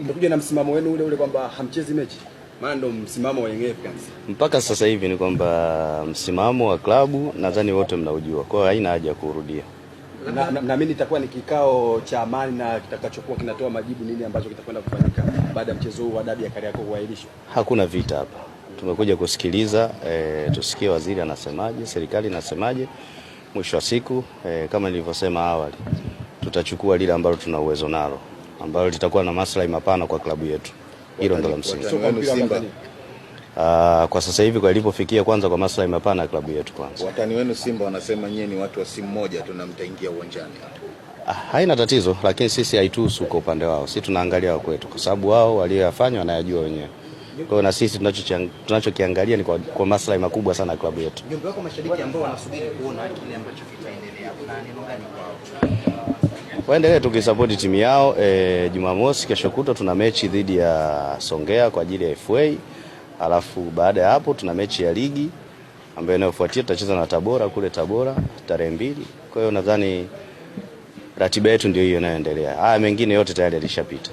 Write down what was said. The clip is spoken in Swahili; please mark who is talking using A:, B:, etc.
A: mmekuja na msimamo wenu ule ule kwamba hamchezi mechi,
B: maana ndo msimamo wa mpaka sasa hivi. Ni kwamba msimamo wa klabu nadhani wote mnaujua, kwa hiyo haina haja ya kurudia.
A: na, na, na itakuwa ni kikao cha amani na kitakachokuwa kinatoa majibu nini ambacho kitakwenda kufanyika baada ya mchezo huu wa dabi ya Kariakoo kuahirishwa.
B: Hakuna vita hapa, tumekuja kusikiliza e, tusikie waziri anasemaje, serikali inasemaje. Mwisho wa siku e, kama nilivyosema awali, tutachukua lile ambalo tuna uwezo nalo ambalo litakuwa na maslahi mapana kwa klabu yetu. Hilo ndo la msingi ah, kwa sasa hivi kwa ilipofikia, kwanza kwa maslahi mapana ya klabu yetu kwanza.
A: Watani wenu Simba wanasema nyie ni watu wa simu moja tu na mtaingia uwanjani.
B: Ah, haina tatizo, lakini sisi haituhusu kwa upande wao. Sisi tunaangalia kwetu, kwa sababu wao walioyafanya wanayajua wenyewe. Kwa hiyo na sisi tunachokiangalia ni kwa, kwa maslahi makubwa sana ya klabu yetu. Jumbe wako mashabiki ambao wanasubiri kuona kile ambacho kitaendelea, kuna neno gani kwao? waendelee tukisapoti timu yao. E, Jumamosi kesho kutwa tuna mechi dhidi ya Songea kwa ajili ya FA, alafu baada ya hapo tuna mechi ya ligi ambayo inayofuatia tutacheza na Tabora kule Tabora tarehe mbili. Kwa hiyo nadhani ratiba yetu ndio hiyo inayoendelea. Haya mengine yote tayari yalishapita.